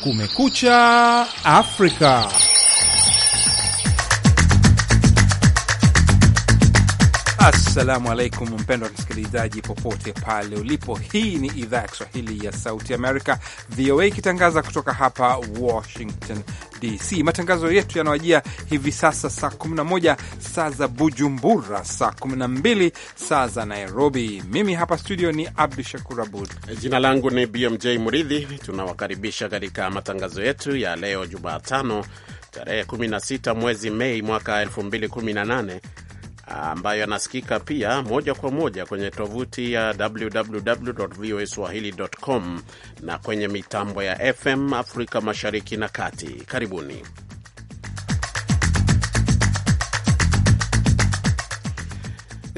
Kumekucha Afrika. Assalamu alaikum, mpendwa msikilizaji popote pale ulipo. Hii ni idhaa ya Kiswahili ya Sauti Amerika, VOA, ikitangaza kutoka hapa Washington DC. Matangazo yetu yanawajia hivi sasa saa 11 saa za Bujumbura, saa 12 saa za Nairobi. Mimi hapa studio ni Abdu Shakur Abud, jina langu ni BMJ Muridhi. Tunawakaribisha katika matangazo yetu ya leo Jumatano, tarehe 16 mwezi Mei mwaka 2018 ambayo yanasikika pia moja kwa moja kwenye tovuti ya www.voaswahili.com na kwenye mitambo ya FM Afrika Mashariki na Kati. Karibuni.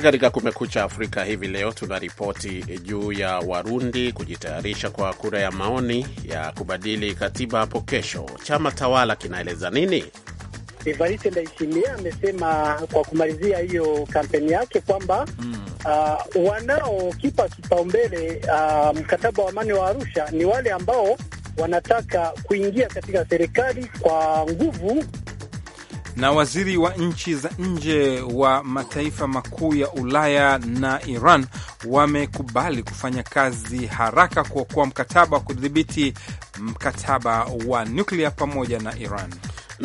Katika Kumekucha Afrika hivi leo tuna ripoti juu ya Warundi kujitayarisha kwa kura ya maoni ya kubadili katiba hapo kesho. Chama tawala kinaeleza nini? Evariste Ndayishimiye amesema kwa kumalizia hiyo kampeni yake kwamba mm. uh, wanaokipa kipaumbele uh, mkataba wa amani wa Arusha ni wale ambao wanataka kuingia katika serikali kwa nguvu. Na waziri wa nchi za nje wa mataifa makuu ya Ulaya na Iran wamekubali kufanya kazi haraka kuokoa mkataba wa kudhibiti mkataba wa nuklia pamoja na Iran.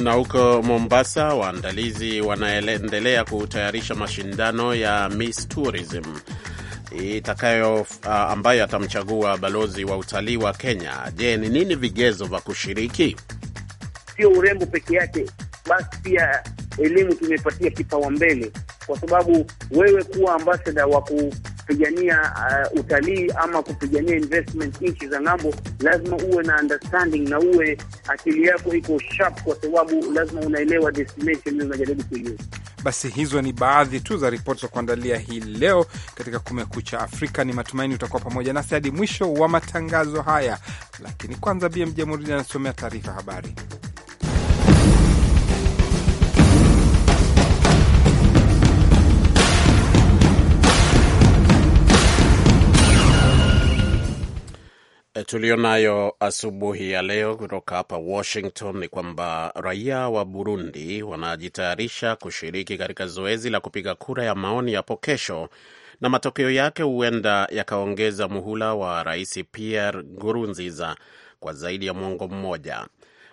Na huko Mombasa, waandalizi wanaendelea kutayarisha mashindano ya Miss Tourism itakayo uh, ambayo atamchagua balozi wa utalii wa Kenya. Je, ni nini vigezo vya kushiriki? Sio urembo peke yake, basi pia elimu tumepatia kipaumbele, kwa sababu wewe kuwa ambasada wa kupigania uh, utalii ama kupigania investment nchi za ng'ambo, lazima uwe na understanding na uwe akili yako iko sharp, kwa sababu lazima unaelewa destination unajaribu kuiweza. Basi hizo ni baadhi tu za ripoti za kuandalia hii leo katika Kumekucha Afrika. Ni matumaini utakuwa pamoja nasi hadi mwisho wa matangazo haya, lakini kwanza BMJ Muridi anasomea taarifa habari. Eh, tulionayo asubuhi ya leo kutoka hapa Washington ni kwamba raia wa Burundi wanajitayarisha kushiriki katika zoezi la kupiga kura ya maoni hapo kesho, na matokeo yake huenda yakaongeza muhula wa Rais Pierre Nkurunziza kwa zaidi ya mwongo mmoja.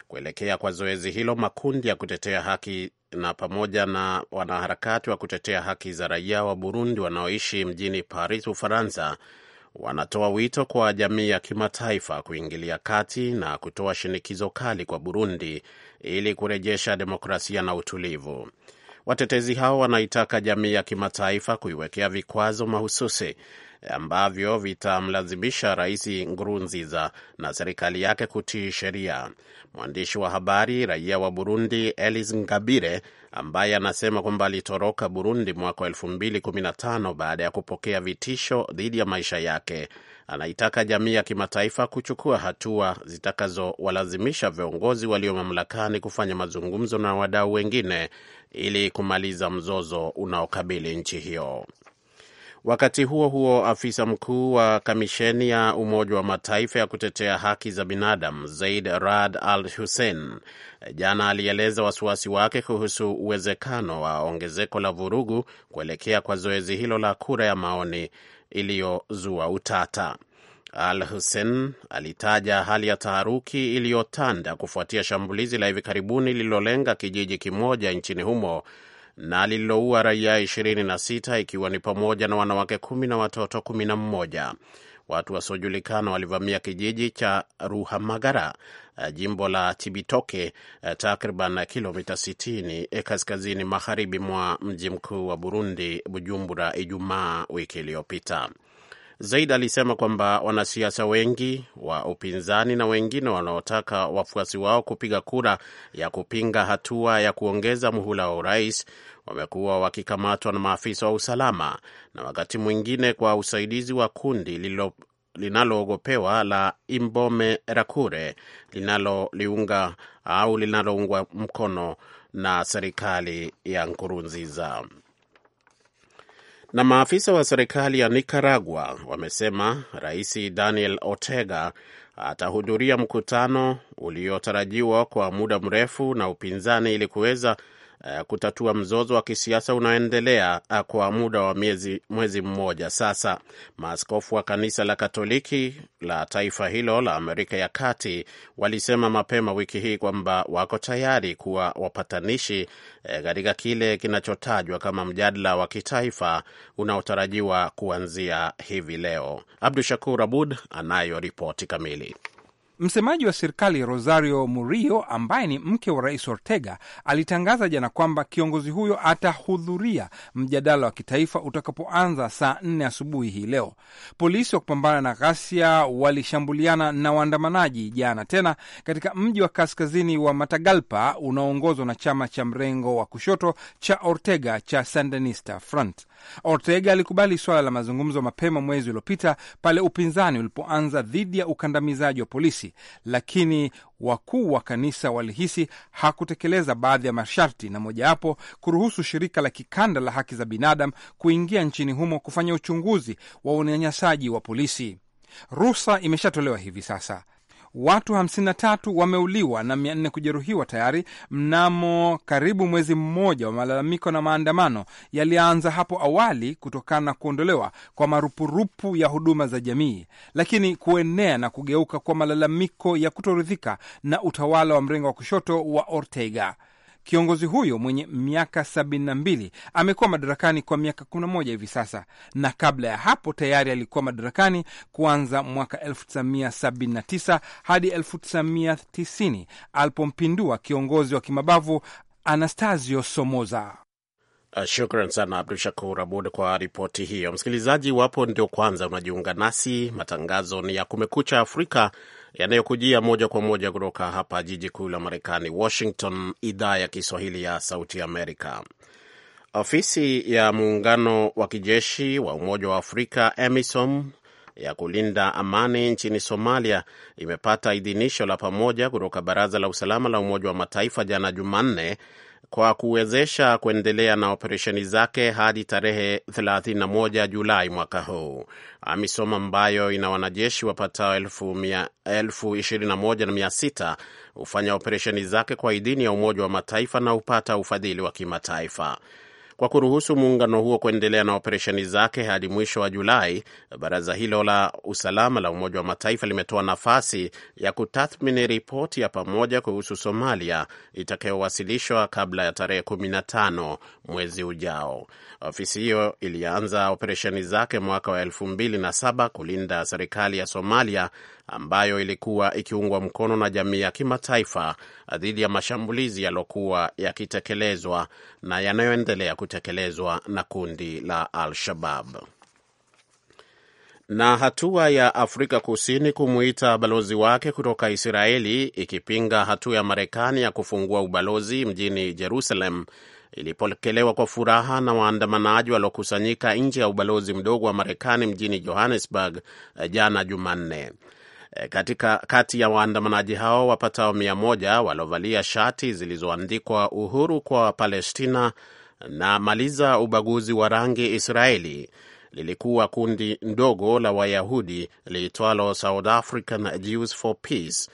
Kuelekea kwa zoezi hilo, makundi ya kutetea haki na pamoja na wanaharakati wa kutetea haki za raia wa Burundi wanaoishi mjini Paris, Ufaransa wanatoa wito kwa jamii ya kimataifa kuingilia kati na kutoa shinikizo kali kwa Burundi ili kurejesha demokrasia na utulivu. Watetezi hao wanaitaka jamii ya kimataifa kuiwekea vikwazo mahususi ambavyo vitamlazimisha Rais Nkurunziza na serikali yake kutii sheria. Mwandishi wa habari raia wa Burundi Elis Ngabire ambaye anasema kwamba alitoroka Burundi mwaka 215 baada ya kupokea vitisho dhidi ya maisha yake anaitaka jamii ya kimataifa kuchukua hatua zitakazowalazimisha viongozi walio mamlakani kufanya mazungumzo na wadau wengine ili kumaliza mzozo unaokabili nchi hiyo. Wakati huo huo, afisa mkuu wa kamisheni ya Umoja wa Mataifa ya kutetea haki za binadamu Zaid Rad Al Hussein jana alieleza wasiwasi wake kuhusu uwezekano wa ongezeko la vurugu kuelekea kwa zoezi hilo la kura ya maoni iliyozua utata. Al Hussein alitaja hali ya taharuki iliyotanda kufuatia shambulizi la hivi karibuni lililolenga kijiji kimoja nchini humo na lililoua raia 26 ikiwa ni pamoja na wanawake kumi na watoto kumi na mmoja. Watu wasiojulikana walivamia kijiji cha Ruhamagara, eh, jimbo la Chibitoke, eh, takriban kilomita 60 eh, kaskazini magharibi mwa mji mkuu wa Burundi, Bujumbura, Ijumaa wiki iliyopita. Zaid alisema kwamba wanasiasa wengi wa upinzani na wengine wanaotaka wafuasi wao kupiga kura ya kupinga hatua ya kuongeza muhula wa urais wamekuwa wakikamatwa na maafisa wa usalama na wakati mwingine kwa usaidizi wa kundi linaloogopewa la Imbome Rakure linaloliunga au linaloungwa mkono na serikali ya Nkurunziza. Na maafisa wa serikali ya Nicaragua wamesema Rais Daniel Ortega atahudhuria mkutano uliotarajiwa kwa muda mrefu na upinzani ili kuweza Eh, kutatua mzozo wa kisiasa unaoendelea eh, kwa muda wa miezi, mwezi mmoja sasa. Maaskofu wa kanisa la Katoliki la taifa hilo la Amerika ya Kati walisema mapema wiki hii kwamba wako tayari kuwa wapatanishi eh, katika kile kinachotajwa kama mjadala wa kitaifa unaotarajiwa kuanzia hivi leo. Abdu Shakur Abud anayo ripoti kamili. Msemaji wa serikali Rosario Murillo, ambaye ni mke wa rais Ortega, alitangaza jana kwamba kiongozi huyo atahudhuria mjadala wa kitaifa utakapoanza saa nne asubuhi hii leo. Polisi wa kupambana na ghasia walishambuliana na waandamanaji jana tena katika mji wa kaskazini wa Matagalpa unaoongozwa na chama cha mrengo wa kushoto cha Ortega cha Sandinista Front. Ortega alikubali suala la mazungumzo mapema mwezi uliopita pale upinzani ulipoanza dhidi ya ukandamizaji wa polisi, lakini wakuu wa kanisa walihisi hakutekeleza baadhi ya masharti, na mojawapo kuruhusu shirika la kikanda la haki za binadamu kuingia nchini humo kufanya uchunguzi wa unyanyasaji wa polisi. Ruhusa imeshatolewa hivi sasa watu 53 wameuliwa na 400 kujeruhiwa tayari mnamo karibu mwezi mmoja wa malalamiko na maandamano yalianza hapo awali kutokana na kuondolewa kwa marupurupu ya huduma za jamii, lakini kuenea na kugeuka kwa malalamiko ya kutoridhika na utawala wa mrengo wa kushoto wa Ortega. Kiongozi huyo mwenye miaka mbili amekuwa madarakani kwa miaka 11 hivi sasa, na kabla ya hapo tayari alikuwa madarakani kuanza mwaka 1979 hadi 1990 alipompindua kiongozi wa kimabavu Anastasio Somoza. Uh, shukran sana Abdu Shakur Abud kwa ripoti hiyo. Msikilizaji wapo ndio kwanza unajiunga nasi, matangazo ni ya Kumekucha Afrika yanayokujia moja kwa moja kutoka hapa jiji kuu la Marekani, Washington, idhaa ya Kiswahili ya Sauti Amerika. Ofisi ya muungano wa kijeshi wa Umoja wa Afrika EMISOM ya kulinda amani nchini Somalia imepata idhinisho la pamoja kutoka Baraza la Usalama la Umoja wa Mataifa jana Jumanne kwa kuwezesha kuendelea na operesheni zake hadi tarehe 31 Julai mwaka huu. AMISOM ambayo ina wanajeshi wapatao elfu na hufanya operesheni zake kwa idhini ya Umoja wa Mataifa na hupata ufadhili wa kimataifa kwa kuruhusu muungano huo kuendelea na operesheni zake hadi mwisho wa Julai. Baraza hilo la usalama la Umoja wa Mataifa limetoa nafasi ya kutathmini ripoti ya pamoja kuhusu Somalia itakayowasilishwa kabla ya tarehe 15 mwezi ujao. Ofisi hiyo ilianza operesheni zake mwaka wa 2007 kulinda serikali ya Somalia ambayo ilikuwa ikiungwa mkono na jamii ya kimataifa dhidi ya mashambulizi yaliyokuwa yakitekelezwa na yanayoendelea kutekelezwa na kundi la Al-Shabab. Na hatua ya Afrika Kusini kumuita balozi wake kutoka Israeli ikipinga hatua ya Marekani ya kufungua ubalozi mjini Jerusalem ilipokelewa kwa furaha na waandamanaji waliokusanyika nje ya ubalozi mdogo wa Marekani mjini Johannesburg eh, jana Jumanne. Eh, katika kati ya waandamanaji hao wapatao mia moja waliovalia shati zilizoandikwa uhuru kwa Palestina na maliza ubaguzi wa rangi Israeli lilikuwa kundi ndogo la Wayahudi liitwalo South African Jews for Peace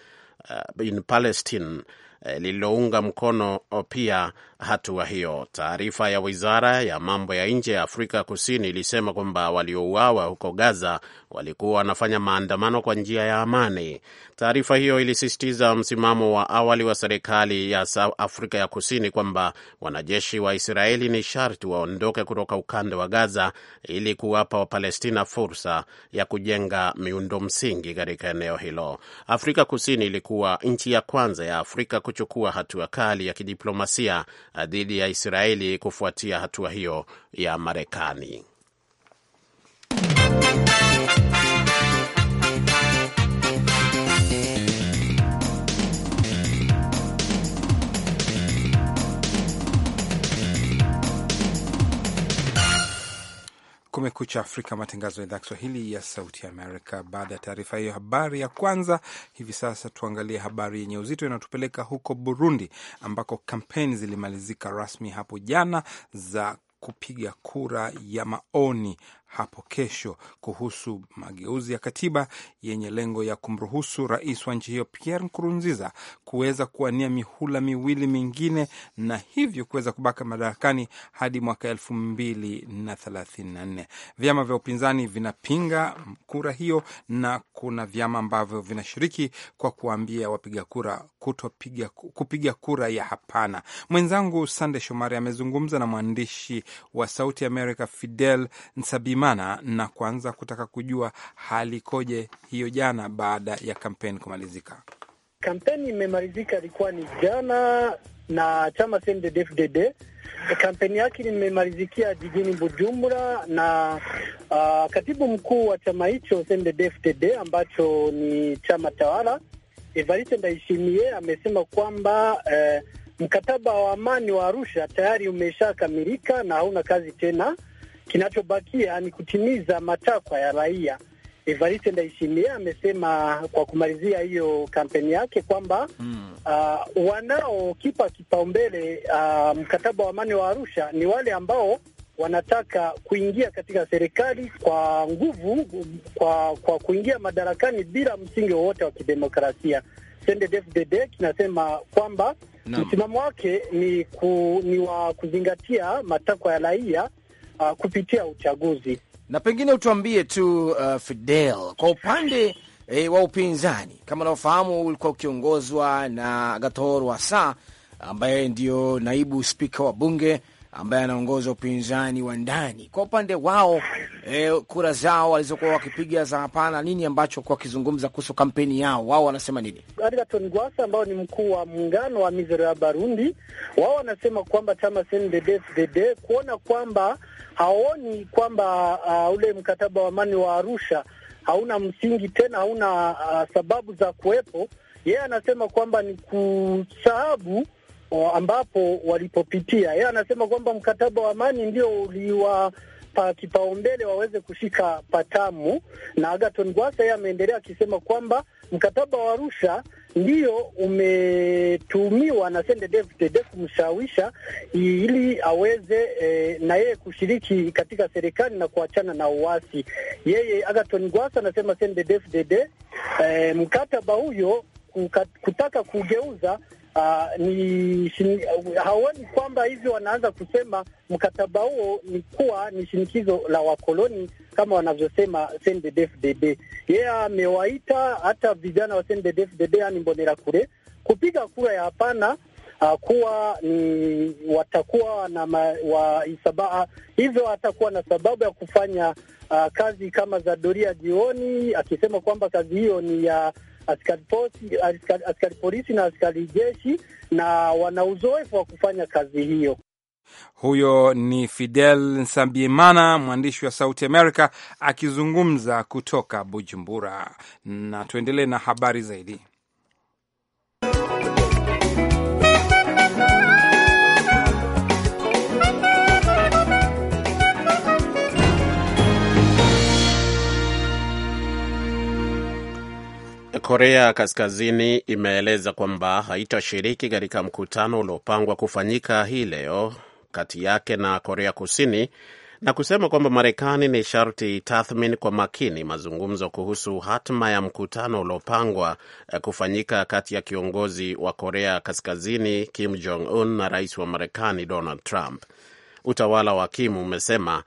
eh, in Palestine eh, lililounga mkono oh, pia hatua hiyo. Taarifa ya wizara ya mambo ya nje ya Afrika Kusini ilisema kwamba waliouawa huko Gaza walikuwa wanafanya maandamano kwa njia ya amani. Taarifa hiyo ilisisitiza msimamo wa awali wa serikali ya Afrika ya Kusini kwamba wanajeshi wa Israeli ni sharti waondoke kutoka ukanda wa Gaza ili kuwapa Wapalestina fursa ya kujenga miundo msingi katika eneo hilo. Afrika Kusini ilikuwa nchi ya kwanza ya Afrika kuchukua hatua kali ya kidiplomasia Eh, dhidi ya Israeli kufuatia hatua hiyo ya Marekani. Kumekucha Afrika, matangazo ya idhaa Kiswahili ya Sauti Amerika. Baada ya taarifa hiyo, habari ya kwanza hivi sasa, tuangalie habari yenye uzito inayotupeleka huko Burundi, ambako kampeni zilimalizika rasmi hapo jana za kupiga kura ya maoni hapo kesho kuhusu mageuzi ya katiba yenye lengo ya kumruhusu rais wa nchi hiyo Pierre Nkurunziza kuweza kuwania mihula miwili mingine na hivyo kuweza kubaka madarakani hadi mwaka elfu mbili na thelathini na nne. Vyama vya upinzani vinapinga kura hiyo na kuna vyama ambavyo vinashiriki kwa kuwaambia wapiga kura kutopiga kupiga kura ya hapana. Mwenzangu Sande Shomari amezungumza na mwandishi wa Sauti America Fidel Nsabima Habyarimana na kuanza kutaka kujua hali koje hiyo jana baada ya kampeni kumalizika. Kampeni imemalizika ilikuwa ni jana na chama CNDD-FDD kampeni yake nimemalizikia jijini Bujumbura na uh, katibu mkuu wa chama hicho CNDD-FDD ambacho ni chama tawala Evariste Ndayishimiye amesema kwamba eh, mkataba wa amani wa Arusha tayari umeshakamilika na hauna kazi tena Kinachobakia ni kutimiza matakwa ya raia. Evariste Ndayishimiye amesema kwa kumalizia hiyo kampeni yake kwamba mm, uh, wanaokipa kipaumbele uh, mkataba wa amani wa Arusha ni wale ambao wanataka kuingia katika serikali kwa nguvu, kwa kwa kuingia madarakani bila msingi wowote wa kidemokrasia. CNDD-FDD kinasema kwamba msimamo wake ni, ku, ni wa kuzingatia matakwa ya raia uh, kupitia uchaguzi. Na pengine utuambie tu uh, Fidel, kwa upande e, wa upinzani kama unavyofahamu ulikuwa ukiongozwa na Gatoro Wasa ambaye ndio naibu spika wa bunge ambaye anaongoza upinzani wa ndani kwa upande wao, e, kura zao walizokuwa wakipiga za hapana, nini ambacho kwa wakizungumza kuhusu kampeni yao, wao wanasema nini? Agathon Gwasa ambao ni mkuu wa muungano wa Mizero ya Barundi, wao wanasema kwamba chama CNDD-FDD kuona kwamba haoni kwamba uh, ule mkataba wa amani wa Arusha hauna msingi tena, hauna uh, sababu za kuwepo. Yeye anasema kwamba ni kusahabu ambapo walipopitia yeye anasema kwamba mkataba wa amani ndio uliwa pa kipaumbele waweze kushika patamu. Na Agaton Gwasa yeye ameendelea akisema kwamba mkataba wa Arusha ndiyo umetumiwa na Sende Def kumshawisha ili aweze e, na yeye kushiriki katika serikali na kuachana na uasi. Yeye Agaton Gwasa anasema Sende Def e, mkataba huyo kutaka kugeuza Uh, ni shin, haoni kwamba hivyo wanaanza kusema mkataba huo ni kuwa ni shinikizo la wakoloni kama wanavyosema CNDD-FDD. Yeye yeah, amewaita hata vijana wa CNDD-FDD yani Mbonera kure kupiga kura ya hapana, uh, kuwa ni watakuwa na ma, wa, isabaa hivyo atakuwa na sababu ya kufanya uh, kazi kama za doria jioni, akisema kwamba kazi hiyo ni ya uh, askari polisi, askari, askari polisi na askari jeshi na wana uzoefu wa kufanya kazi hiyo. Huyo ni Fidel Nsambiemana, mwandishi wa Sauti america akizungumza kutoka Bujumbura, na tuendelee na habari zaidi. Korea Kaskazini imeeleza kwamba haitashiriki katika mkutano uliopangwa kufanyika hii leo kati yake na Korea Kusini na kusema kwamba Marekani ni sharti tathmini kwa makini mazungumzo kuhusu hatima ya mkutano uliopangwa eh, kufanyika kati ya kiongozi wa Korea Kaskazini Kim Jong Un na rais wa Marekani Donald Trump. Utawala wa Kim umesema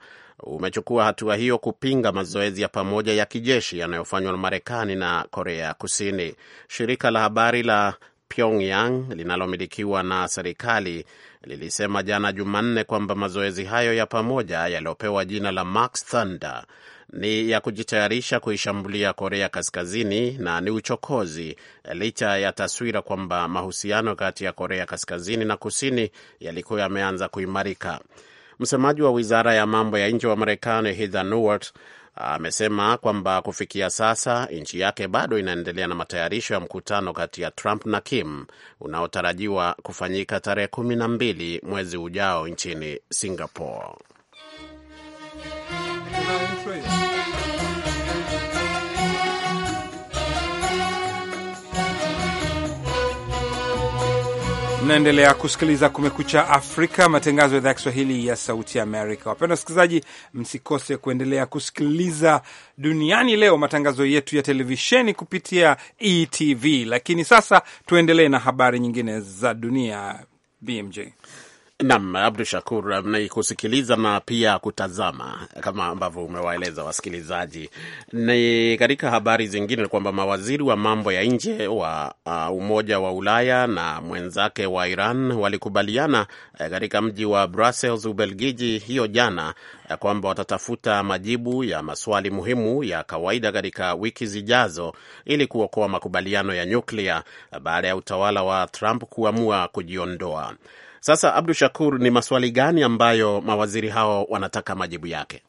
umechukua hatua hiyo kupinga mazoezi ya pamoja ya kijeshi yanayofanywa na Marekani na Korea Kusini. Shirika la habari la Pyongyang linalomilikiwa na serikali lilisema jana Jumanne kwamba mazoezi hayo ya pamoja yaliyopewa jina la Max Thunder ni ya kujitayarisha kuishambulia Korea Kaskazini na ni uchokozi, licha ya taswira kwamba mahusiano kati ya Korea Kaskazini na Kusini yalikuwa yameanza kuimarika. Msemaji wa wizara ya mambo ya nje wa Marekani Heather Nauert amesema kwamba kufikia sasa nchi yake bado inaendelea na matayarisho ya mkutano kati ya Trump na Kim unaotarajiwa kufanyika tarehe kumi na mbili mwezi ujao nchini Singapore. Naendelea kusikiliza Kumekucha Afrika, matangazo ya idhaa ya Kiswahili ya Sauti Amerika. wapenda wasikilizaji, msikose kuendelea kusikiliza Duniani Leo, matangazo yetu ya televisheni kupitia ETV. Lakini sasa tuendelee na habari nyingine za dunia. BMJ nam Abdu Shakur, uh, kusikiliza na pia kutazama kama ambavyo umewaeleza wasikilizaji. Ni katika habari zingine kwamba mawaziri wa mambo ya nje wa uh, Umoja wa Ulaya na mwenzake wa Iran walikubaliana uh, katika uh, mji wa Brussels, Ubelgiji hiyo jana uh, kwamba watatafuta majibu ya maswali muhimu ya kawaida katika wiki zijazo ili kuokoa makubaliano ya nyuklia uh, baada ya utawala wa Trump kuamua kujiondoa. Sasa Abdu Shakur, ni maswali gani ambayo mawaziri hao wanataka majibu yake?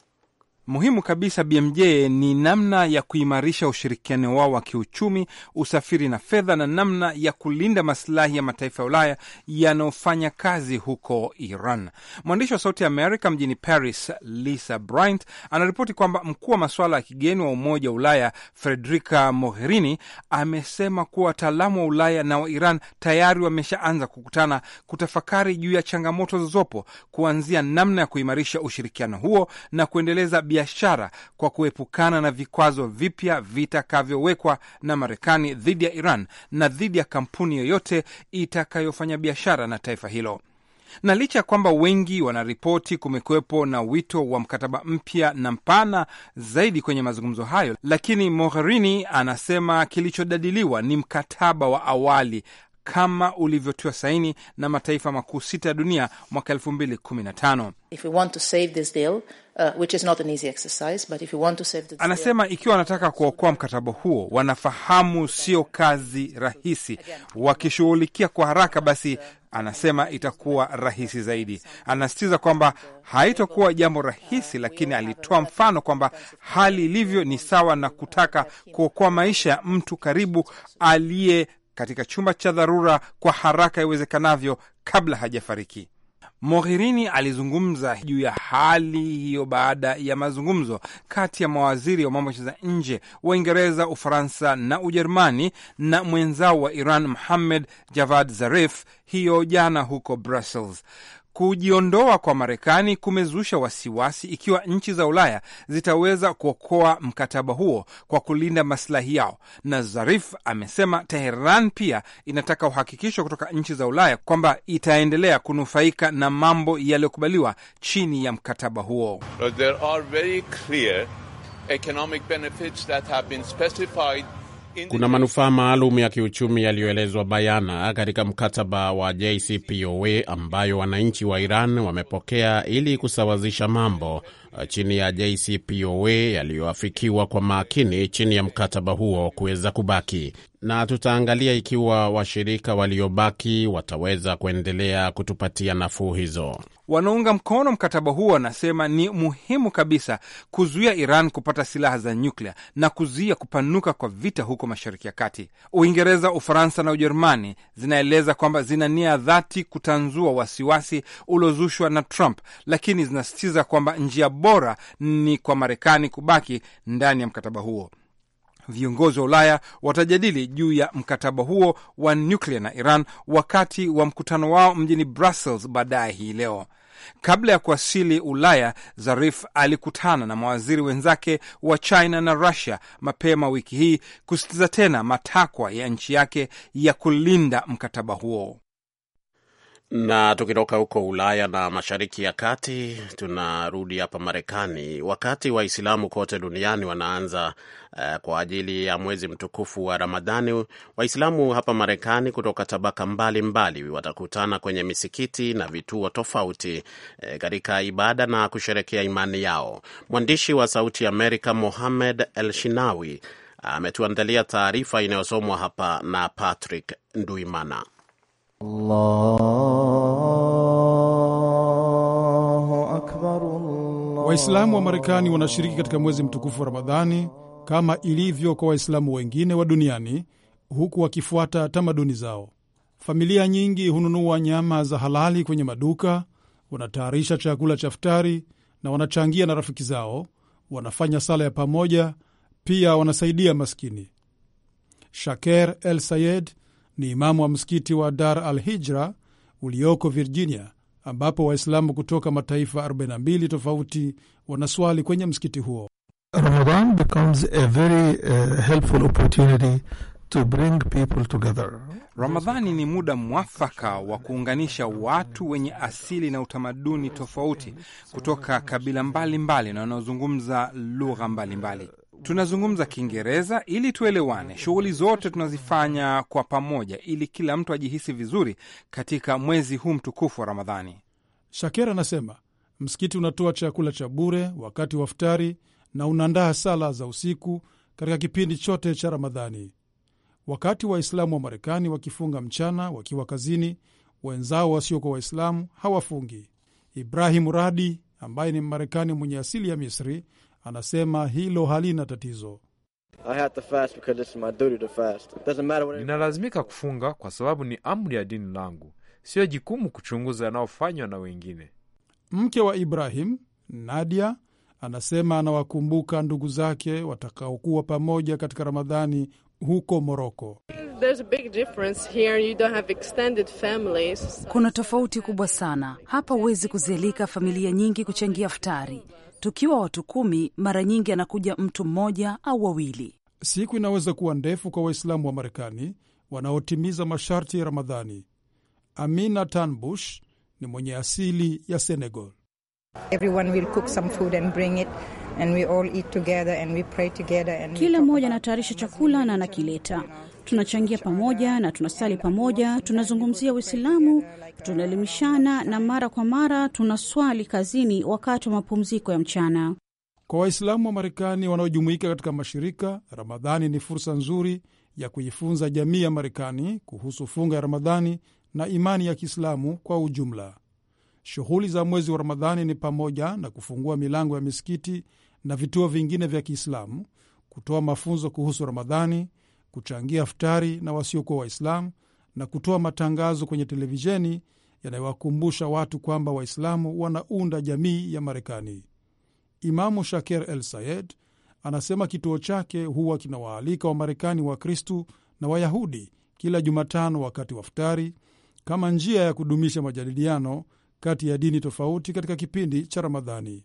Muhimu kabisa BMJ ni namna ya kuimarisha ushirikiano wao wa kiuchumi, usafiri na fedha, na namna ya kulinda masilahi ya mataifa ya Ulaya yanayofanya kazi huko Iran. Mwandishi wa Sauti ya Amerika mjini Paris, Lisa Bryant, anaripoti kwamba mkuu wa masuala ya kigeni wa Umoja wa Ulaya Frederica Mogherini amesema kuwa wataalamu wa Ulaya na wa Iran tayari wameshaanza kukutana kutafakari juu ya changamoto zilizopo, kuanzia namna ya kuimarisha ushirikiano huo na kuendeleza biashara kwa kuepukana na vikwazo vipya vitakavyowekwa na Marekani dhidi ya Iran na dhidi ya kampuni yoyote itakayofanya biashara na taifa hilo na licha ya kwamba wengi wanaripoti kumekuwepo na wito wa mkataba mpya na mpana zaidi kwenye mazungumzo hayo, lakini Mogherini anasema kilichodadiliwa ni mkataba wa awali kama ulivyotiwa saini na mataifa makuu sita ya dunia mwaka elfu mbili kumi na tano. Anasema ikiwa wanataka kuokoa mkataba huo, wanafahamu sio kazi rahisi. Wakishughulikia kwa haraka, basi anasema itakuwa rahisi zaidi. Anasisitiza kwamba haitokuwa jambo rahisi, lakini alitoa mfano kwamba hali ilivyo ni sawa na kutaka kuokoa maisha ya mtu karibu aliye katika chumba cha dharura kwa haraka iwezekanavyo kabla hajafariki. Mogherini alizungumza juu ya hali hiyo baada ya mazungumzo kati ya mawaziri wa mambo za nje wa Uingereza, Ufaransa na Ujerumani na mwenzao wa Iran Muhammad Javad Zarif hiyo jana huko Brussels. Kujiondoa kwa Marekani kumezusha wasiwasi ikiwa nchi za Ulaya zitaweza kuokoa mkataba huo kwa kulinda masilahi yao, na Zarif amesema Teheran pia inataka uhakikisho kutoka nchi za Ulaya kwamba itaendelea kunufaika na mambo yaliyokubaliwa chini ya mkataba huo. There are very clear economic benefits that have been specified kuna manufaa maalum ya kiuchumi yaliyoelezwa bayana katika mkataba wa JCPOA ambayo wananchi wa Iran wamepokea ili kusawazisha mambo uh, chini ya JCPOA yaliyoafikiwa kwa makini chini ya mkataba huo kuweza kubaki, na tutaangalia ikiwa washirika waliobaki wataweza kuendelea kutupatia nafuu hizo wanaunga mkono mkataba huo wanasema ni muhimu kabisa kuzuia Iran kupata silaha za nyuklia na kuzuia kupanuka kwa vita huko Mashariki ya Kati. Uingereza, Ufaransa na Ujerumani zinaeleza kwamba zina nia dhati kutanzua wasiwasi uliozushwa na Trump, lakini zinasisitiza kwamba njia bora ni kwa Marekani kubaki ndani ya mkataba huo. Viongozi wa Ulaya watajadili juu ya mkataba huo wa nyuklia na Iran wakati wa mkutano wao mjini Brussels baadaye hii leo. Kabla ya kuwasili Ulaya, Zarif alikutana na mawaziri wenzake wa China na Rusia mapema wiki hii kusisitiza tena matakwa ya nchi yake ya kulinda mkataba huo. Na tukitoka huko Ulaya na Mashariki ya Kati, tunarudi hapa Marekani. Wakati Waislamu kote duniani wanaanza uh, kwa ajili ya mwezi mtukufu wa Ramadhani, Waislamu hapa Marekani kutoka tabaka mbalimbali mbali watakutana kwenye misikiti na vituo tofauti uh, katika ibada na kusherekea imani yao. Mwandishi wa Sauti ya Amerika Mohamed El Shinawi ametuandalia uh, taarifa inayosomwa hapa na Patrick Nduimana. Allah Waislamu wa Marekani wanashiriki katika mwezi mtukufu wa Ramadhani kama ilivyo kwa Waislamu wengine wa duniani, huku wakifuata tamaduni zao. Familia nyingi hununua nyama za halali kwenye maduka, wanatayarisha chakula cha futari na wanachangia na rafiki zao, wanafanya sala ya pamoja, pia wanasaidia maskini. Shaker El Sayed ni imamu wa msikiti wa Dar al Hijra ulioko Virginia ambapo Waislamu kutoka mataifa 42 tofauti wanaswali kwenye msikiti huo. Ramadan becomes a very uh, helpful opportunity to bring people together. Ramadhani ni muda mwafaka wa kuunganisha watu wenye asili na utamaduni tofauti kutoka kabila mbalimbali mbali na wanaozungumza lugha mbalimbali tunazungumza Kiingereza ili tuelewane. Shughuli zote tunazifanya kwa pamoja ili kila mtu ajihisi vizuri katika mwezi huu mtukufu wa Ramadhani. Shakera anasema msikiti unatoa chakula cha bure wakati wa iftari na unaandaa sala za usiku katika kipindi chote cha Ramadhani. Wakati Waislamu wa Marekani wakifunga mchana wakiwa kazini, wenzao wasiokuwa Waislamu hawafungi. Ibrahimu Radi ambaye ni Mmarekani mwenye asili ya Misri Anasema hilo halina tatizo. Ninalazimika kufunga kwa sababu ni amri ya dini langu, siyo jukumu kuchunguza yanayofanywa na wengine. Mke wa Ibrahim, Nadia, anasema anawakumbuka ndugu zake watakaokuwa pamoja katika Ramadhani huko Moroko. Kuna tofauti kubwa sana hapa, huwezi kuzialika familia nyingi kuchangia futari tukiwa watu kumi, mara nyingi anakuja mtu mmoja au wawili. Siku inaweza kuwa ndefu kwa Waislamu wa Marekani wanaotimiza masharti ya Ramadhani. Amina Tanbush ni mwenye asili ya Senegal. Kila mmoja anatayarisha chakula na anakileta tunachangia pamoja na tunasali pamoja, tunazungumzia Uislamu, tunaelimishana na mara kwa mara tunaswali kazini wakati wa mapumziko ya mchana. Kwa Waislamu wa Marekani wanaojumuika katika mashirika, Ramadhani ni fursa nzuri ya kuifunza jamii ya Marekani kuhusu funga ya Ramadhani na imani ya Kiislamu kwa ujumla. Shughuli za mwezi wa Ramadhani ni pamoja na kufungua milango ya misikiti na vituo vingine vya Kiislamu, kutoa mafunzo kuhusu Ramadhani, kuchangia futari na wasiokuwa Waislamu na kutoa matangazo kwenye televisheni yanayowakumbusha watu kwamba Waislamu wanaunda jamii ya Marekani. Imamu Shaker El Sayed anasema kituo chake huwa kinawaalika Wamarekani Wakristu na Wayahudi kila Jumatano wakati wa futari kama njia ya kudumisha majadiliano kati ya dini tofauti katika kipindi cha Ramadhani.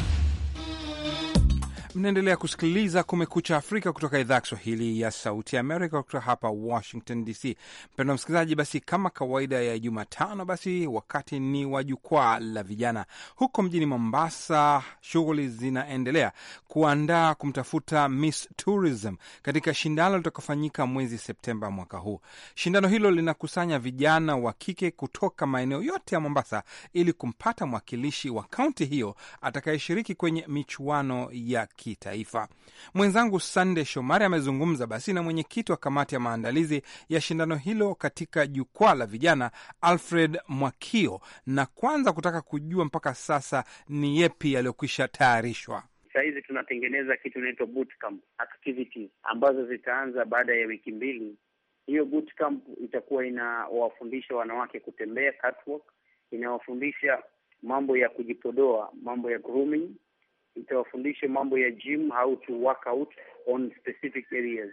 Mnaendelea kusikiliza Kumekucha Afrika kutoka idhaa ya Kiswahili ya Sauti Amerika kutoka hapa Washington DC. Mpendwa msikilizaji, basi kama kawaida ya Jumatano, basi wakati ni wa jukwaa la vijana. Huko mjini Mombasa, shughuli zinaendelea kuandaa kumtafuta Miss Tourism katika shindano litakofanyika mwezi Septemba mwaka huu. Shindano hilo linakusanya vijana wa kike kutoka maeneo yote ya Mombasa ili kumpata mwakilishi wa kaunti hiyo atakayeshiriki kwenye michuano ya kitaifa. Mwenzangu Sande Shomari amezungumza basi na mwenyekiti wa kamati ya maandalizi ya shindano hilo katika jukwaa la vijana Alfred Mwakio, na kwanza kutaka kujua mpaka sasa ni yepi yaliyokwisha tayarishwa. Sahizi tunatengeneza kitu inaitwa bootcamp activities ambazo zitaanza baada ya wiki mbili. Hiyo bootcamp itakuwa inawafundisha wanawake kutembea catwalk, inawafundisha mambo ya kujipodoa, mambo ya grooming, itawafundisha mambo ya gym, how to work out on specific areas.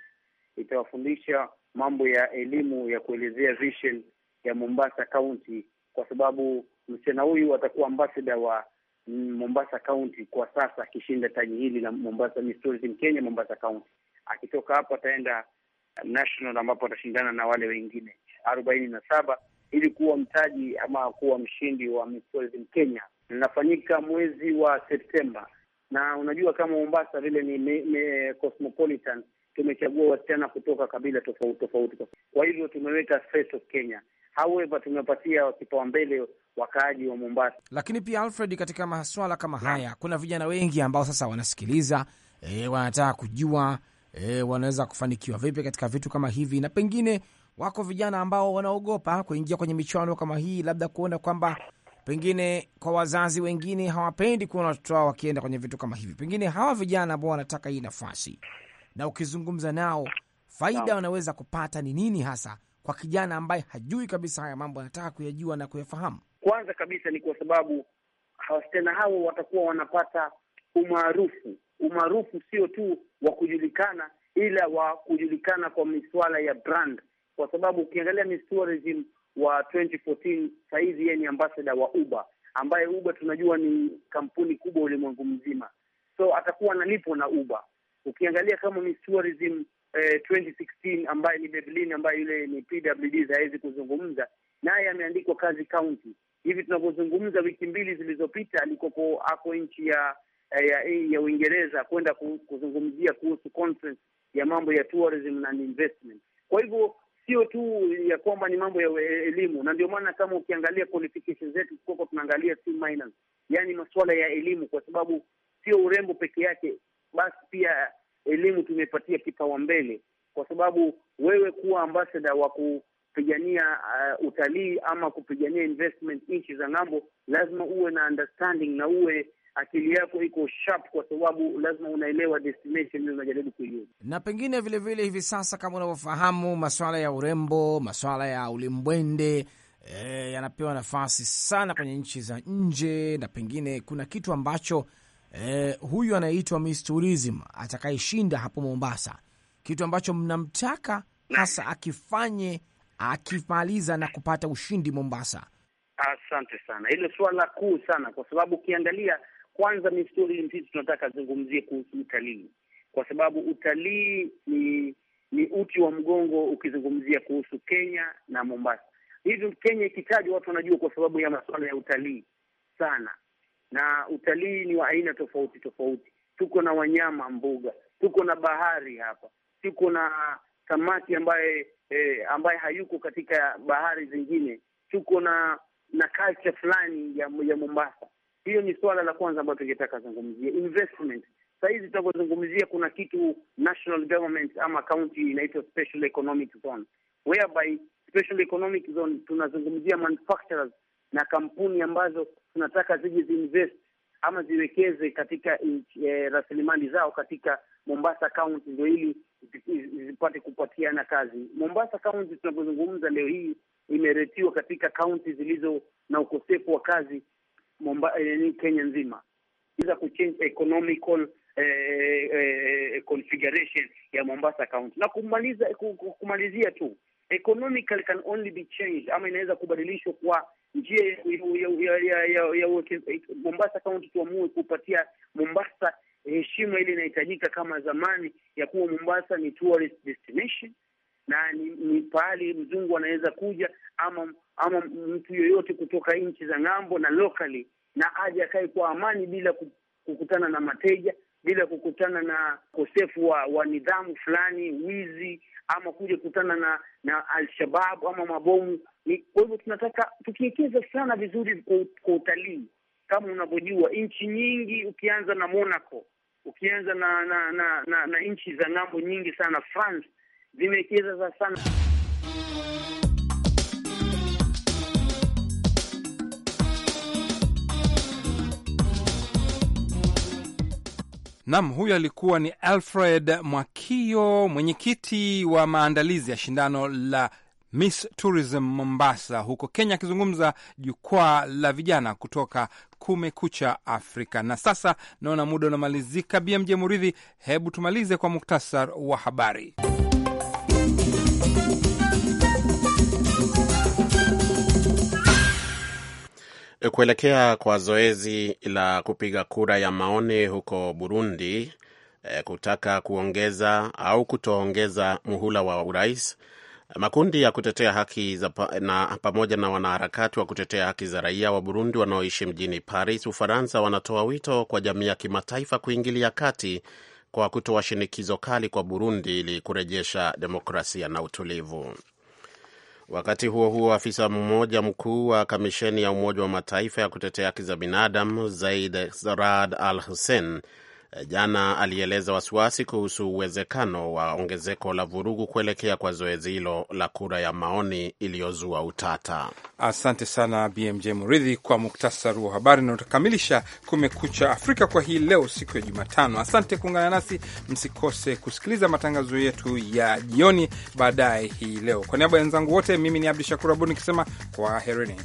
Itawafundisha mambo ya elimu ya kuelezea vision ya Mombasa County, kwa sababu msichana huyu atakuwa ambassador wa Mombasa County kwa sasa, akishinda taji hili la Mombasa Miss Tourism Kenya Mombasa County. Akitoka hapo ataenda national, ambapo atashindana na wale wengine arobaini na saba ili kuwa mtaji ama kuwa mshindi wa Miss Tourism Kenya. Linafanyika mwezi wa Septemba na unajua kama Mombasa vile ni me, me, cosmopolitan. Tumechagua wasichana kutoka kabila tofauti tofauti, kwa hivyo tumeweka Face of Kenya. However, tumewapatia kipaumbele wakaaji wa Mombasa. Lakini pia Alfred, katika maswala kama haya kuna vijana wengi ambao sasa wanasikiliza e, wanataka kujua e, wanaweza kufanikiwa vipi katika vitu kama hivi, na pengine wako vijana ambao wanaogopa kuingia kwenye michuano kama hii, labda kuona kwamba pengine kwa wazazi wengine hawapendi kuona watoto wao wakienda kwenye vitu kama hivi, pengine hawa vijana ambao wanataka hii nafasi, na ukizungumza nao, faida wanaweza kupata ni nini hasa kwa kijana ambaye hajui kabisa haya mambo, anataka kuyajua na kuyafahamu? Kwanza kabisa ni kwa sababu wasichana hao watakuwa wanapata umaarufu. Umaarufu sio tu wa kujulikana, ila wa kujulikana kwa miswala ya brand, kwa sababu ukiangalia ni tourism wa 2014 saizi yeye ni ambassador wa Uber, ambaye Uber tunajua ni kampuni kubwa ulimwengu mzima, so atakuwa analipo na Uber. Ukiangalia kama Miss Tourism eh, 2016 ambaye ni Beblin, ambaye yule ni PWD hawezi kuzungumza naye, ameandikwa kazi county. Hivi tunavyozungumza, wiki mbili zilizopita alikopo ako nchi ya eh, ya, ya Uingereza kwenda kuzungumzia kuhusu conference ya mambo ya tourism and investment. Kwa hivyo sio tu ya kwamba ni mambo ya elimu, na ndio maana kama ukiangalia qualification zetu tuko tunaangalia C minus, yaani masuala ya elimu, kwa sababu sio urembo peke yake, basi pia elimu tumepatia kipaumbele, kwa sababu wewe kuwa ambassador wa kupigania uh, utalii ama kupigania investment nchi za ng'ambo, lazima uwe na understanding na uwe akili yako iko sharp, kwa sababu lazima unaelewa destination unajaribu kuiona. Na pengine vilevile vile hivi sasa, kama unavyofahamu, maswala ya urembo, maswala ya ulimbwende e, yanapewa nafasi sana kwenye nchi za nje, na pengine kuna kitu ambacho e, huyu anaitwa Miss Tourism atakayeshinda hapo Mombasa, kitu ambacho mnamtaka hasa akifanye akimaliza na kupata ushindi Mombasa. Asante sana, hilo suala kuu sana, kwa sababu ukiangalia kwanza ni stori hizi tunataka zungumzie kuhusu utalii, kwa sababu utalii ni ni uti wa mgongo ukizungumzia kuhusu Kenya na Mombasa. hivi Kenya ikitajwa watu wanajua kwa sababu ya masuala ya utalii sana, na utalii ni wa aina tofauti tofauti. Tuko na wanyama mbuga, tuko na bahari hapa, tuko na samaki ambaye eh, ambaye hayuko katika bahari zingine, tuko na na culture fulani ya, ya Mombasa. Hiyo ni suala la kwanza ambayo tungetaka zungumzie investment. Saa hizi tunavyozungumzia, kuna kitu national government ama county inaitwa special economic zone, whereby special economic zone tunazungumzia manufacturers na kampuni ambazo tunataka zije ziinvest ama ziwekeze katika e, rasilimali zao katika Mombasa County, ndio ili zipate kupatiana kazi. Mombasa County tunavyozungumza leo hii imeretiwa katika kaunti zilizo na ukosefu wa kazi Mumba, eh, Kenya nzima iza kuchange economical eh, eh, eh, configuration ya Mombasa county. Na kumaliza kumalizia tu economical can only be changed, ama inaweza kubadilishwa kwa njia ya Mombasa county tuamue kupatia Mombasa heshima ile inahitajika kama zamani ya kuwa Mombasa ni tourist destination na ni, ni pahali mzungu anaweza kuja ama ama mtu yoyote kutoka nchi za ng'ambo na locally, na aje akae kwa amani bila kukutana na mateja, bila kukutana na ukosefu wa, wa nidhamu fulani, wizi ama kuja kukutana na na Alshababu ama mabomu. Kwa hivyo tunataka tukiwekeza sana vizuri kwa utalii, kama unavyojua nchi nyingi, ukianza na Monaco, ukianza na na na, na, na nchi za ng'ambo nyingi sana, France zimewekeza sana Nam, huyo alikuwa ni Alfred Mwakio, mwenyekiti wa maandalizi ya shindano la Miss Tourism Mombasa huko Kenya, akizungumza jukwaa la vijana kutoka Kumekucha Afrika. Na sasa naona muda unamalizika. BMJ Muridhi, hebu tumalize kwa muktasar wa habari. Eh, kuelekea kwa zoezi la kupiga kura ya maoni huko Burundi e, kutaka kuongeza au kutoongeza muhula wa urais, makundi ya kutetea haki za pa, na pamoja na wanaharakati wa kutetea haki za raia wa Burundi wanaoishi mjini Paris, Ufaransa, wanatoa wito kwa jamii ya kimataifa kuingilia kati kwa kutoa shinikizo kali kwa Burundi ili kurejesha demokrasia na utulivu. Wakati huo huo, afisa mmoja mkuu wa kamisheni ya Umoja wa Mataifa ya kutetea haki za binadamu Zaid Raad Al Hussein Eh, jana alieleza wasiwasi kuhusu uwezekano wa ongezeko la vurugu kuelekea kwa zoezi hilo la kura ya maoni iliyozua utata. Asante sana BMJ Muridhi kwa muktasari wa habari, na Kumekucha Afrika kwa hii leo, siku ya Jumatano. Asante kuungana nasi, msikose kusikiliza matangazo yetu ya jioni baadaye hii leo. Kwa niaba ya wenzangu wote, mimi ni Abdu Shakur Abu nikisema kwa hereni